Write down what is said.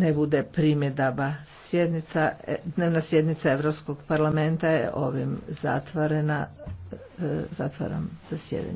ne bude primjedaba. Sjednica, e, dnevna sjednica Europskog parlamenta je ovim zatvorena. E, zatvaram zasjedanje.